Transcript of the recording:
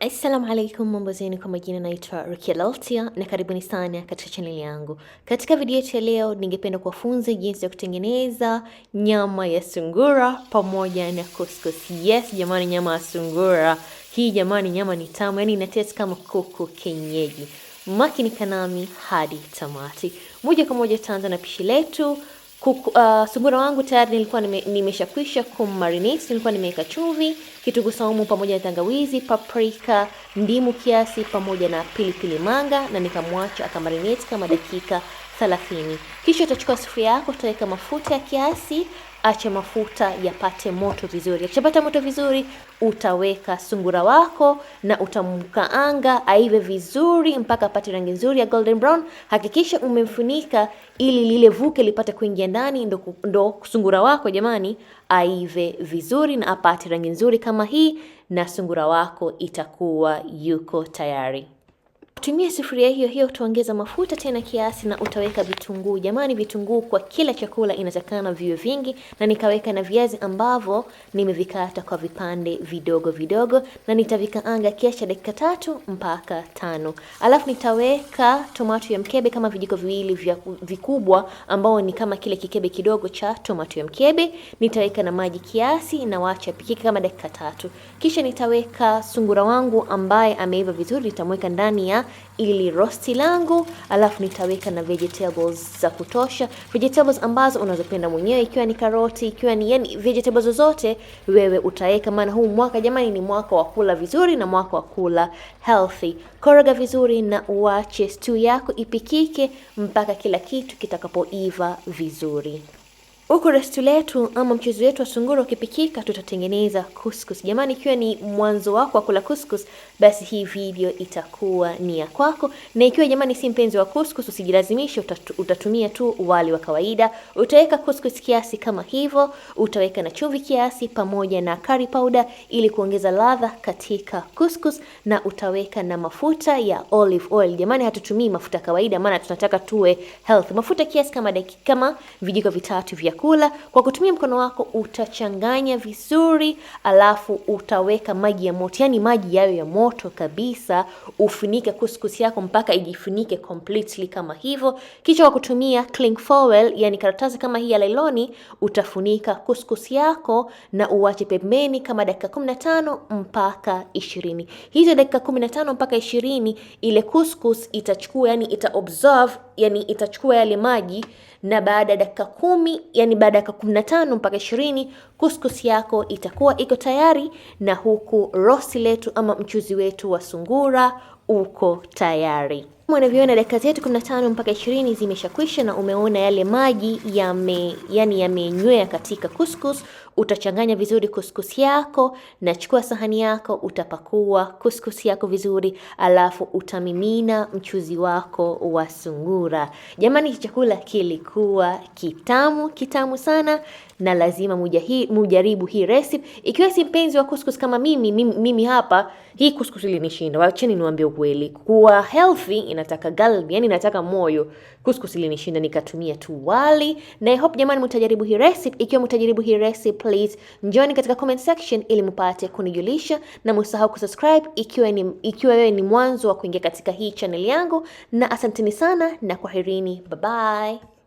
Assalamu alaikum, mambo zenu, kwa majina naitwa Rukia Laltia na karibuni sana katika chaneli yangu. Katika video yetu ya leo, ningependa kuwafunza jinsi ya kutengeneza nyama ya sungura pamoja na couscous. Yes jamani, nyama ya sungura hii jamani, nyama ni tamu, yani inatest kama kuku kienyeji. Makini kanami hadi tamati. Moja kwa moja tutaanza na pishi letu. Kuku, uh, sungura wangu tayari nilikuwa nime, nimeshakwisha kummarinate. Nilikuwa nimeweka chumvi, kitunguu saumu pamoja na tangawizi, paprika, ndimu kiasi pamoja na pilipili manga, na nikamwacha akamarinate kama dakika 30. Kisha utachukua sufuria yako, utaweka mafuta ya kiasi, acha mafuta yapate moto vizuri. Akishapata moto vizuri, utaweka sungura wako na utamkaanga aive vizuri mpaka apate rangi nzuri ya golden brown. Hakikisha umemfunika ili lile vuke lipate kuingia ndani, ndo, ndo sungura wako jamani aive vizuri na apate rangi nzuri kama hii, na sungura wako itakuwa yuko tayari. Tumia sufuria hiyo hiyo, tuongeza mafuta tena kiasi na utaweka vitunguu. Jamani, vitunguu kwa kila chakula inatakana viwe vingi, na nikaweka na viazi ambavyo nimevikata kwa vipande vidogo vidogo, na nitavikaanga kiasi cha dakika tatu mpaka tano. Alafu nitaweka tomato ya mkebe kama vijiko viwili vya vikubwa, ambao ni kama kile kikebe kidogo cha tomato ya mkebe. Nitaweka na maji kiasi na wacha pikike kama dakika tatu, kisha nitaweka sungura wangu ambaye ameiva vizuri, nitamweka ndani ya ili rosti langu, alafu nitaweka na vegetables za kutosha, vegetables ambazo unazopenda mwenyewe, ikiwa ni karoti, ikiwa ni yani vegetables zozote wewe utaweka, maana huu mwaka jamani, ni mwaka wa kula vizuri na mwaka wa kula healthy. Koroga vizuri na uache stew yako ipikike mpaka kila kitu kitakapoiva vizuri. Huku resti letu ama mchezo wetu wa sungura ukipikika, tutatengeneza couscous. Jamani, ikiwa ni mwanzo wako wa kula couscous, basi hii video itakuwa ni ya kwako, na ikiwa jamani si mpenzi wa couscous, usijilazimishe, utatumia tu wali wa kawaida. Utaweka couscous kiasi kama hivyo, utaweka na chumvi kiasi pamoja na curry powder ili kuongeza ladha katika couscous, na utaweka na mafuta ya olive oil. Jamani, hatutumii mafuta kawaida, maana tunataka tuwe healthy. Mafuta kiasi kama dakika, kama vijiko vitatu vya vyakula kwa kutumia mkono wako, utachanganya vizuri, alafu utaweka maji ya moto, yani maji yayo ya moto kabisa. Ufunike kusukusi yako mpaka ijifunike completely kama hivyo, kisha kwa kutumia cling foil, yani karatasi kama hii ya leloni, utafunika kusukusi yako na uwache pembeni kama dakika 15 mpaka 20. Hizo dakika 15 mpaka 20 ile kuskus itachukua, yani ita absorb, yani itachukua yale maji na baada ya dakika kumi yani yaani baada ya dakika 15 mpaka 20 kuskus yako itakuwa iko tayari, na huku rosti letu ama mchuzi wetu wa sungura uko tayari. Unavyoona dakika zetu 15 mpaka 20 zimeshakwisha, na umeona yale maji yame yani yamenywea katika kuskus. Utachanganya vizuri kuskus yako, na chukua sahani yako, utapakua kuskus yako vizuri, alafu utamimina mchuzi wako wa sungura. Jamani, chakula kilikuwa kitamu kitamu sana, na lazima mujaribu hii recipe. Ikiwa si mpenzi wa kuskus kama mimi, mimi, mimi hapa hii kuskus ilinishinda, wacheni niwaambie ukweli, kuwa healthy nataka galbi, yani nataka moyo. Kuskus ilinishinda nikatumia tu wali, na I hope jamani mtajaribu hii recipe. Ikiwa mtajaribu hii recipe, please njoni katika comment section ili mpate kunijulisha, na msahau kusubscribe ikiwa ni ikiwa wewe ni mwanzo wa kuingia katika hii channel yangu, na asanteni sana na kwaherini, bye bye.